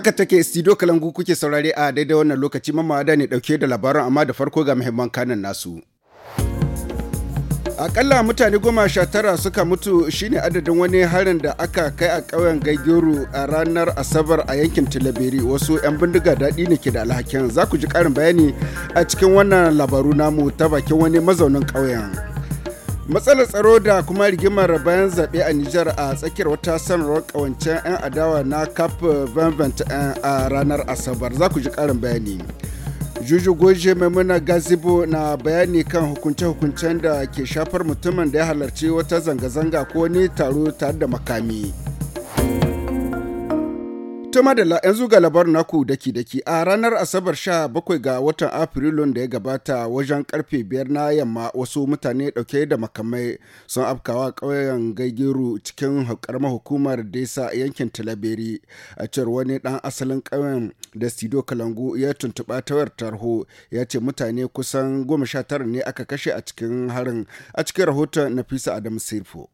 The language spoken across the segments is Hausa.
Haka take studio kalangu kuke saurare a daidai wannan lokaci mamada ne dauke da labaran amma da farko ga muhimman kanan nasu. akalla mutane goma sha tara suka mutu shine adadin wani harin da aka kai a ƙauyen gaigiru a ranar asabar a yankin tilabiri wasu 'yan bindiga daɗi ne ke da alhakin za ku ji ƙarin bayani a cikin wannan labaru namu ta bakin wani mazaunin ƙauyen. matsalar tsaro da kuma rigimar bayan zaɓe a Nijar a tsakiyar wata sanarwar ƙawancen 'yan adawa na CAP 2021 eh, a ranar Asabar za ku ji ƙarin bayani. Juju Goje Maimuna Gazibo na bayani kan hukunce-hukuncen da ke shafar mutumin da ya halarci wata zanga-zanga ko wani taro tare da makami. To madalla yanzu ga labarin naku daki daki a ranar Asabar sha bakwai ga watan Afrilun da ya gabata wajen karfe biyar na yamma wasu mutane dauke da makamai sun afkawa ƙauyen gaigiru cikin karamar hukumar Desa yankin Talaberi a cewar wani dan asalin ƙauyen da Sido Kalangu ya tuntuɓa ta tarho ya ce mutane kusan goma sha tara ne aka kashe a cikin harin a cikin rahoton Nafisa adamu Sirfo.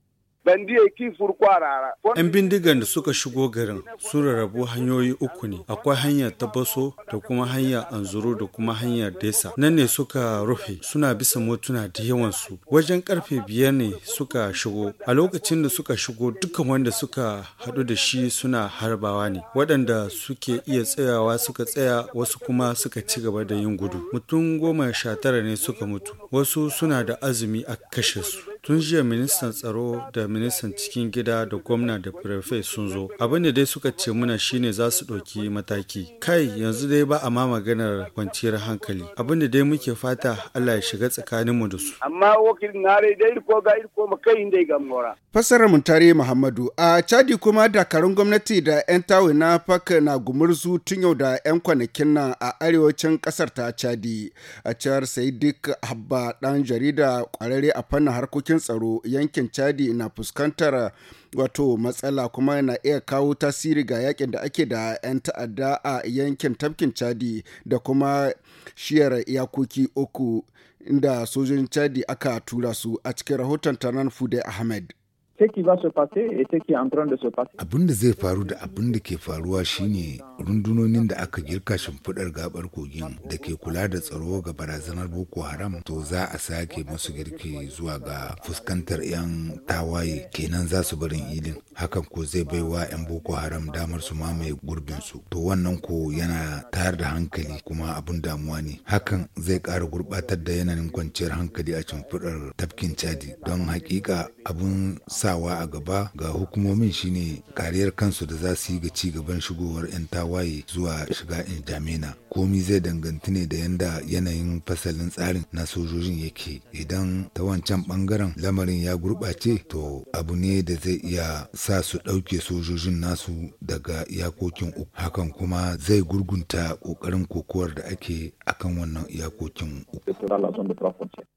'Yan bindigan da suka shigo garin sun rarrabu hanyoyi uku ne, akwai hanyar tabaso da kuma hanyar anzuru da kuma hanyar desa. Nan ne suka rufe suna bisa motuna da yawansu. Wajen karfe biyar ne suka shigo. A lokacin da suka shigo dukkan wanda suka haɗu da shi suna harbawa ne. Waɗanda suke iya tsayawa suka tsaya wasu kuma suka ci gaba da yin gudu. Mutum goma sha tara ne suka mutu. Wasu suna da azumi a kashe su. tun jiya ministan tsaro da ministan cikin gida da gwamna da prefe sun zo abin da dai suka ce muna shine za su ɗauki mataki kai yanzu dai ba a ma maganar kwanciyar hankali abin da dai muke fata allah ya shiga tsakaninmu da su amma wakilin nare dai ko ga ko makai dai ga mora fassarar mutare muhammadu a chadi kuma dakarun gwamnati da yan tawi na fak na gumurzu tun yau da yan kwanakin nan a arewacin kasar ta chadi a cewar sai duk habba dan jarida kwararre a fannin harkokin harkokin tsaro yankin chadi na fuskantar wato matsala kuma na iya kawo tasiri ga yakin da ake da 'yan ta'adda a yankin tafkin chadi da kuma shiyar iyakoki uku inda sojojin chadi aka tura su a cikin rahoton tanan fude ahmed ce qui va se passer et ce qui est en train de se passer. Abin da zai faru da abin da ke faruwa shine rundunonin da aka girka shimfiɗar gabar kogin da ke kula da tsaro ga barazanar Boko Haram to za a sake masu girki zuwa ga fuskantar 'yan tawaye kenan za su barin ilin hakan ko zai baiwa 'yan Boko Haram damar su mamaye gurbin su to wannan ko yana tayar da hankali kuma abin damuwa ne hakan zai ƙara gurbatar da yanayin kwanciyar hankali a shimfiɗar tafkin Chadi don hakika abun sawa a gaba ga hukumomin shine kariyar kansu da za su yi ga ci gaban shigowar 'yan tawaye zuwa shiga jami'na Komi zai danganti ne da yanda yanayin fasalin tsarin na sojojin yake idan ta wancan bangaren lamarin ya gurɓace to abu ne da zai iya sa su ɗauke sojojin nasu daga iyakokin uku hakan kuma zai gurgunta ƙoƙarin kokowar da ake akan wannan iyakokin uku.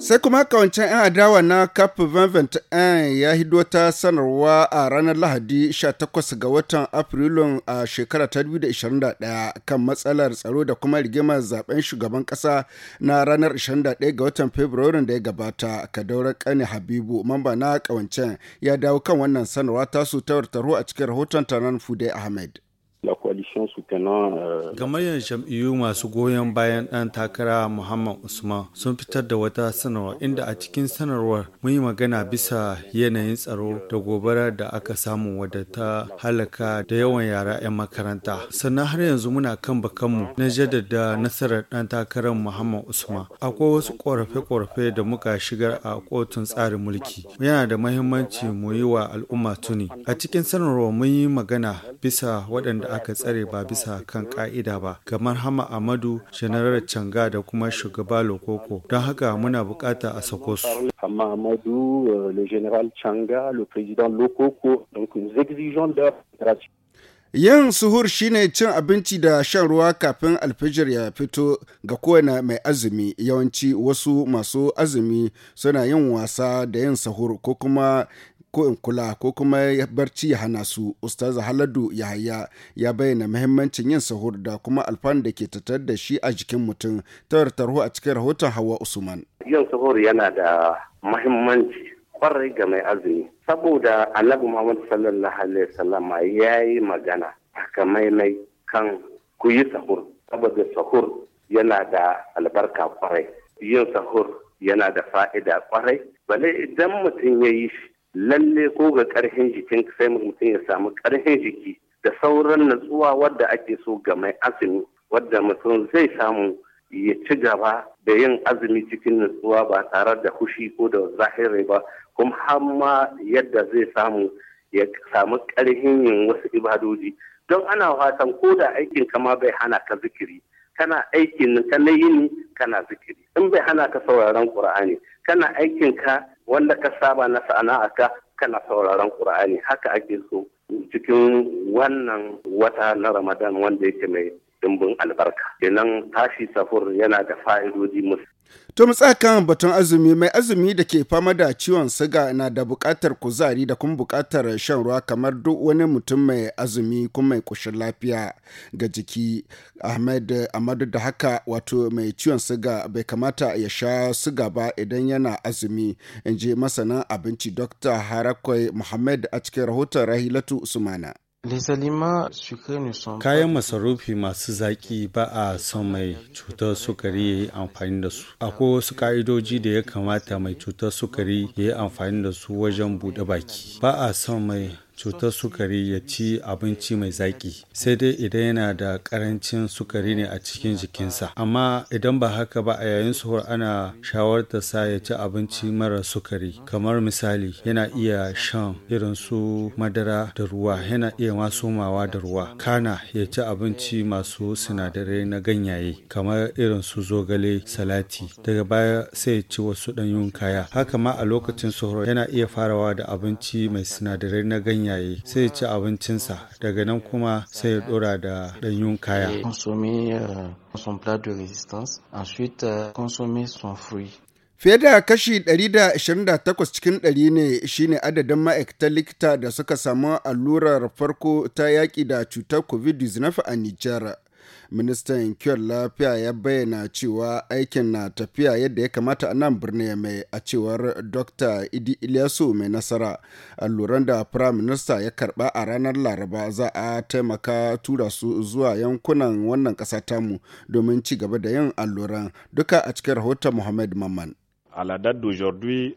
Sai kuma kawancen 'yan adawa na CAP 2021 ya hido ta sanarwa a ranar Lahadi 18 ga watan Afrilun a shekara 2021 kan matsalar tsaro da kuma rigimar zaben shugaban kasa na ranar 21 ga watan Fabrairun da ya gabata. daura Kane Habibu, mamba na kawancen, ya dawo kan wannan sanarwa tasu ta taro a cikin rahoton Tanan Fude Ahmed. coalition soutenant euh, jam'iyyu masu goyon bayan ɗan takara Muhammad Usman sun fitar da wata sanarwa inda a cikin sanarwar mun yi magana bisa yanayin tsaro da gobara da aka samu wadda ta halaka da yawan yara 'yan makaranta sannan har yanzu muna kan bakanmu na jaddada nasarar ɗan takarar Muhammad Usman akwai wasu korafe-korafe da muka shigar a kotun tsarin mulki yana da mahimmanci mu yi wa al'umma tuni a cikin sanarwar mun yi magana bisa waɗanda aka tsare ba bisa kan ka'ida ba kamar hama amadu janarar canga da kuma shugaba lokoko don haka muna bukata a sako su yin suhur shine cin abinci da shan ruwa kafin alfijir ya fito ga kowane mai azumi yawanci wasu masu azumi suna yin wasa da yin sahur ko kuma ko in kula ko kuma barci ya hana su ustaz haladu yahaya ya bayyana muhimmancin yin sahur da kuma alfanu da ke tattare da shi a jikin mutum ta tarho a cikin rahoton hawa usman yin sahur yana da muhimmanci kwarai ga mai azumi saboda annabi muhammad sallallahu alaihi wasallam ya yi magana maimai kan ku yi sahur saboda sahur yana da albarka kwarai yin sahur yana da fa'ida kwarai bale idan mutum ya yi lalle ko ga ƙarfin jikin sai mutum ya samu ƙarfin jiki da sauran natsuwa wadda ake so ga mai azumi wadda mutum zai samu ya ci gaba da yin azumi cikin natsuwa ba tare da hushi ko da zahiri ba kuma har ma yadda zai samu ya samu ƙarfin yin wasu ibadoji don ana fatan ko da aikin kama bai hana ka zikiri kana aikin ka na yini kana zikiri in bai hana ka sauraron qur'ani kana aikin ka wanda ka saba na sana'a ka. kana sauraron Qur'ani haka ake so cikin wannan wata na Ramadan wanda yake mai dimbin albarka. Kenan tashi safur yana da fa'idodi To kan batun azumi mai azumi da ke fama da ciwon siga na da buƙatar kuzari da kuma buƙatar shan ruwa kamar duk wani mutum mai azumi kuma mai ƙoshin lafiya ga jiki. Ahmed Amadu da haka wato mai ciwon siga bai kamata ya sha suga ba idan yana azumi in je masana abinci Dr. Harakwai Muhammad a cikin rahoton Rahilatu Usmana. Kayan masarufi masu zaƙi ba a son mai cutar sukari ya yi amfani da su. Akwai wasu ƙa'idoji da ya kamata mai cutar sukari ya yi amfani da su wajen buɗe baki. Ba a son mai cutar sukari ya ci abinci mai zaƙi sai dai idan yana da ƙarancin sukari ne a cikin jikinsa amma idan ba haka ba a yayin suhur ana shawarta sa ya ci abinci mara sukari kamar misali yana iya shan irin su madara da ruwa yana iya masu mawa da ruwa kana ya ci abinci masu sinadarai na ganyaye kamar irin su zogale salati daga baya sai ya ci wasu ɗanyun kaya haka ma a lokacin suhur yana iya farawa da abinci mai sinadarai na ganyaye yayi sai ya ci abincinsa daga nan kuma sai ya dora da ɗanyun kaya. Euh, euh, Fiye da kashi 128 cikin 100 ne shine adadin ma'aikatan likita da suka samu allurar farko ta yaƙi da cutar COVID-19 a Nijar. ministan kiwon lafiya ya bayyana cewa aikin na tafiya yadda ya kamata a nan birni mai a cewar dr idi iliyasu mai nasara alluran da prime minister ya karba a ranar laraba za a taimaka tura su zuwa yankunan wannan ƙasa tamu domin ci gaba da yin alluran duka a cikin rahoton muhammad mamman. aladar la date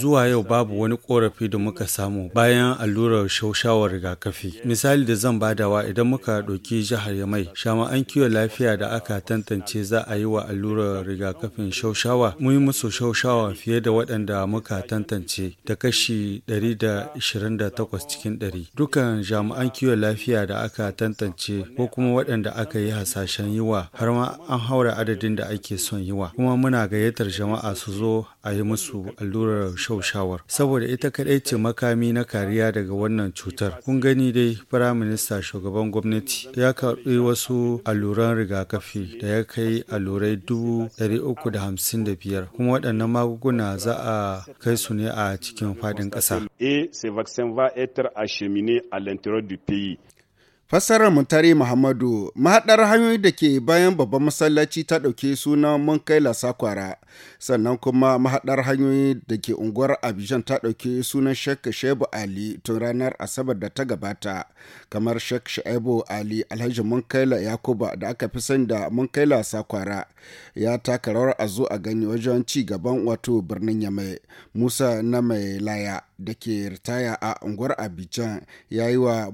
Zuwa yau babu wani korafi da muka samu bayan allurar shaushawar rigakafi. Misali da zan badawa idan muka ɗauki jihar Yamai, shama'an kiwon lafiya da aka tantance za a yi wa allurar rigakafin shaushawa, mun yi musu shaushawa fiye da waɗanda muka tantance da kashi 128 cikin 100. Dukan jami'an kiwon lafiya da aka tantance ko kuma waɗanda aka yi hasashen yiwa har ma an haura adadin da ake son yiwa. Kuma muna gayyatar jama'a su zo a yi musu allurar shaushawar saboda ita kaɗai ce makami na kariya daga wannan cutar kun gani dai firayim minista shugaban gwamnati ya karɓi wasu alluran rigakafi da ya kai allurai dubu ɗari uku da hamsin da biyar kuma waɗannan magunguna za a kai su ne a cikin faɗin ƙasa Fassarar Muntari Muhammadu mahaɗar hanyoyi da ke bayan babban masallaci ta ɗauki sunan Munkaila Sakwara, sannan kuma mahaɗar hanyoyi da ke unguwar Abidjan ta ɗauke sunan Sheikh Shebu Ali tun ranar Asabar da ta gabata, kamar Sheikh Shebu Ali Alhaji Munkaila Yakuba da aka fi sani da Munkaila Sakwara ya taka rawar a zo a gani wajen ci gaban wato birnin Yamai, Musa na mai laya. da ke ritaya a unguwar Abidjan ya yi wa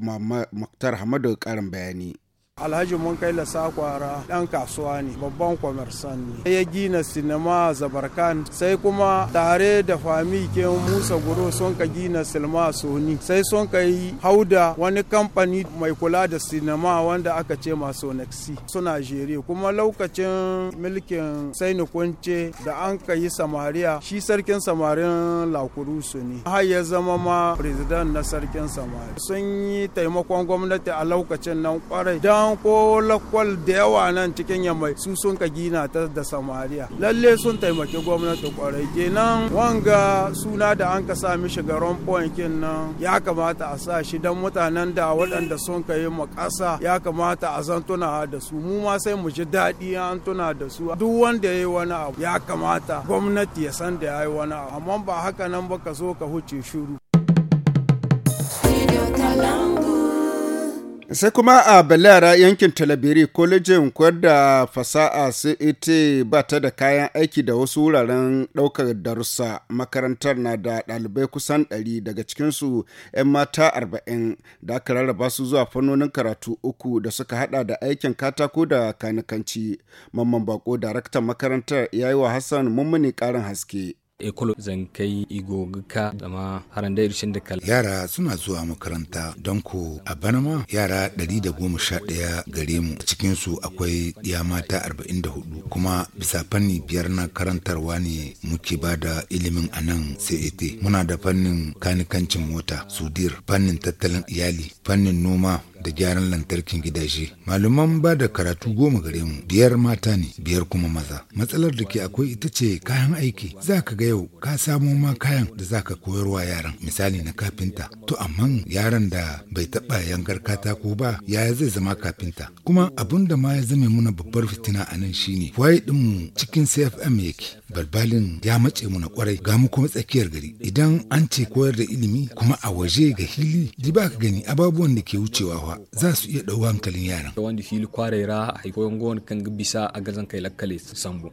Muktar Hamadu ƙarin bayani. Alhaji mun kai lasa Sakwara ɗan kasuwa ne babban kwamarsan ne. Ya gina sinima Zabarkan sai kuma tare da fami ke Musa Guro sun ka gina silma Soni sai sun ka yi hauda wani kamfani mai kula da sinima wanda aka ce masu Nexi suna jere kuma lokacin milkin sai kunce da an ka yi Samariya shi sarkin samarin Lakurusu ne. Har ya zama ma president na sarkin samari. Sun yi taimakon gwamnati a lokacin nan kwarai nan ko lakwal da yawa nan cikin yamai su sun ka gina ta da samariya lalle sun taimaki gwamnati kwarai kenan wanga suna da an ka sa mishi garon kin nan ya kamata a sa shi don mutanen da waɗanda sun ka yi makasa ya kamata a zan tuna da su mu ma sai mu ji daɗi an tuna da su duk wanda ya yi wani abu ya kamata gwamnati ya san da ya yi wani abu amma ba haka nan ba ka zo ka huce shuru sai kuma a balara yankin talabiri kolejin koyar da fasa'a sai ita e ba ta da kayan aiki da wasu wuraren ɗaukar darussa makarantar na da ɗalibai kusan 100 daga cikinsu 'yan mata 40 da aka rarraba su zuwa fannonin karatu uku da suka hada da aikin katako da kanikanci mamman bako daraktan makarantar ya yi wa hassan mummuni ƙarin haske ekolo zankai igogika zama haranda irshin da kal yara suna zuwa makaranta don ko a bana ma yara 111 gare mu cikin su akwai ya mata 44 kuma bisa fanni biyar na karantarwa ne muke ba da ilimin a nan CET muna da fannin kanikancin mota sudir fannin tattalin iyali fannin noma da gyaran lantarkin gidaje malaman ba da karatu goma gare mu biyar mata ne biyar kuma maza matsalar da ke akwai ita ce kayan aiki za ka ga yau ka samo ma kayan da za ka koyarwa yaran misali na kafinta to amma yaran da bai taɓa yangar katako ba yaya zai zama kafinta kuma abun da ma ya zame muna babbar fitina a nan shine waye mu cikin cfm yake balbalin ya mace muna kwarai ga mu kuma tsakiyar gari idan an ce koyar da ilimi kuma a waje ga hili di ba ka gani ababuwan da ke wucewa za su iya ɗau hankalin yaran. Wanda hili ra a haikoyon gowon kan bisa a gazan kai lakkale sambo.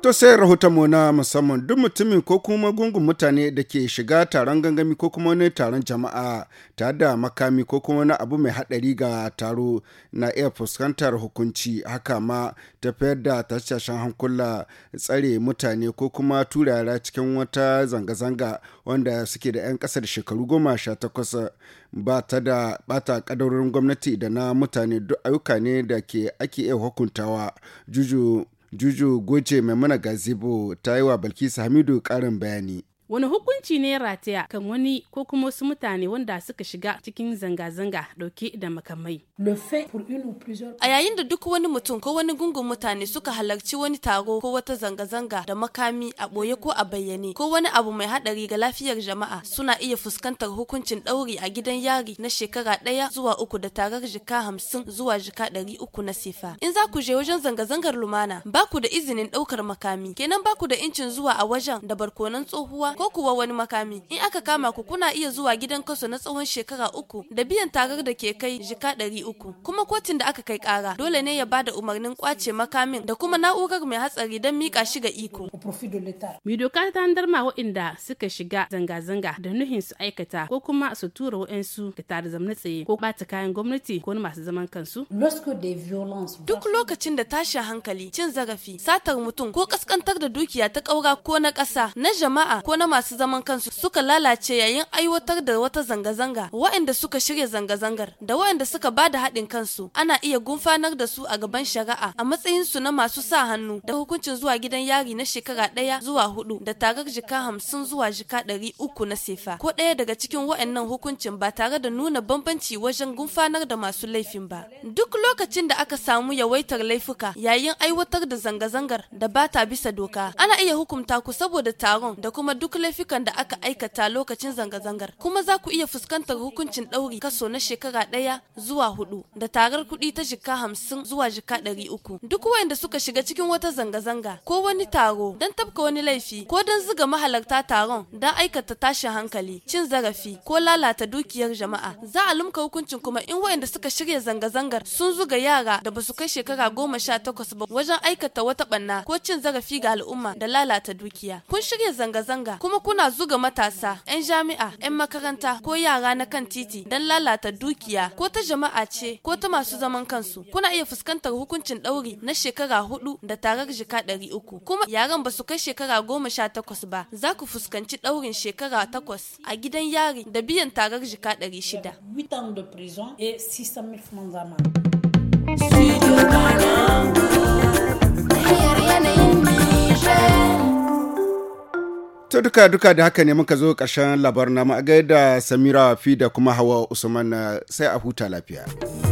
To sai mu na musamman duk mutumin ko kuma gungun mutane da ke shiga taron gangami ko kuma wani taron jama'a tare da makami ko kuma wani abu mai haɗari ga taro na iya fuskantar hukunci haka ma tafiyar da tashashen hankula tsare mutane ko kuma turara cikin wata zanga-zanga wanda suke da 'yan kasar shekaru goma sha takwas ba ta da bata kadarorin gwamnati da na mutane duk ayyuka ne da ke ake iya hukuntawa juju Juju Goce Maimuna Gazibo ta yi wa balkisu Hamidu karin bayani. wani hukunci ne rataya kan wani ko kuma wasu mutane wanda suka shiga cikin zanga-zanga dauke da makamai. A yayin da duk wani mutum ko wani gungun mutane suka halarci wani taro ko wata zanga-zanga da makami a ɓoye ko a bayyane ko wani abu mai haɗari ga lafiyar jama'a suna iya fuskantar hukuncin ɗauri a gidan yari na shekara ɗaya zuwa uku da tarar jika hamsin zuwa jika ɗari uku na sifa. In za ku je wajen zanga-zangar lumana ba ku da izinin ɗaukar makami kenan ba ku da incin zuwa a wajen da barkonan tsohuwa ko kuwa wani makami in aka kama ku kuna iya zuwa gidan kaso na tsawon shekara uku da biyan tarar da ke kai jika ɗari uku kuma kotin da aka kai ƙara. dole ne ya ba da umarnin kwace makamin da kuma na'urar mai hatsari don mika shi ga iko. Mai doka ta ma waɗanda suka shiga zanga-zanga da nuhin su aikata ko kuma su tura waɗansu ka tare zamna tsaye ko ɓata kayan gwamnati ko masu zaman kansu. Duk lokacin da tashin hankali, cin zarafi, satar mutum ko kaskantar da dukiya ta ƙaura ko na ƙasa, na jama'a ko na masu zaman kansu suka lalace yayin aiwatar da wata zanga-zanga waɗanda suka shirya zanga-zangar da waɗanda suka ba da haɗin kansu ana iya gumfanar da su a gaban shari'a a matsayinsu na masu sa hannu da hukuncin zuwa gidan yari na shekara ɗaya zuwa hudu da tarar jika hamsin zuwa jika ɗari uku na sefa ko ɗaya daga cikin waɗannan hukuncin ba tare da nuna bambanci wajen gumfanar da masu laifin ba duk lokacin da aka samu yawaitar laifuka yayin aiwatar da zanga-zangar da ba ta bisa doka ana iya hukunta ku saboda taron da kuma duk laifukan da aka aikata lokacin zanga-zangar kuma za ku iya fuskantar hukuncin ɗauri kaso na shekara ɗaya zuwa hudu da tarar kuɗi ta jika hamsin zuwa jika ɗari uku duk wayanda suka shiga cikin wata zanga-zanga ko wani taro don tabka wani laifi ko don zuga mahalarta taron don aikata tashin hankali cin zarafi ko lalata dukiyar jama'a za a lumka hukuncin kuma in wayanda suka shirya zanga-zangar sun zuga yara da basu kai shekara goma sha takwas ba wajen aikata wata ɓanna ko cin zarafi ga al'umma da lalata dukiya kun shirya zanga-zanga kuma kuna zuga matasa 'yan jami'a 'yan makaranta ko yara na kan titi don lalata dukiya ko ta jama'a ce ko ta masu zaman kansu kuna iya fuskantar hukuncin ɗauri na shekara hudu da tarar jika ɗari uku kuma yaran ba su kai shekara goma sha takwas ba za ku fuskanci ɗaurin shekara takwas a gidan yari da biyan tarar jika ɗari shida. Studio Banangu. to duka duka da haka ne muka zo ƙarshen labar na ma'agai da samira fi da kuma hawa usman eh, sai a huta lafiya.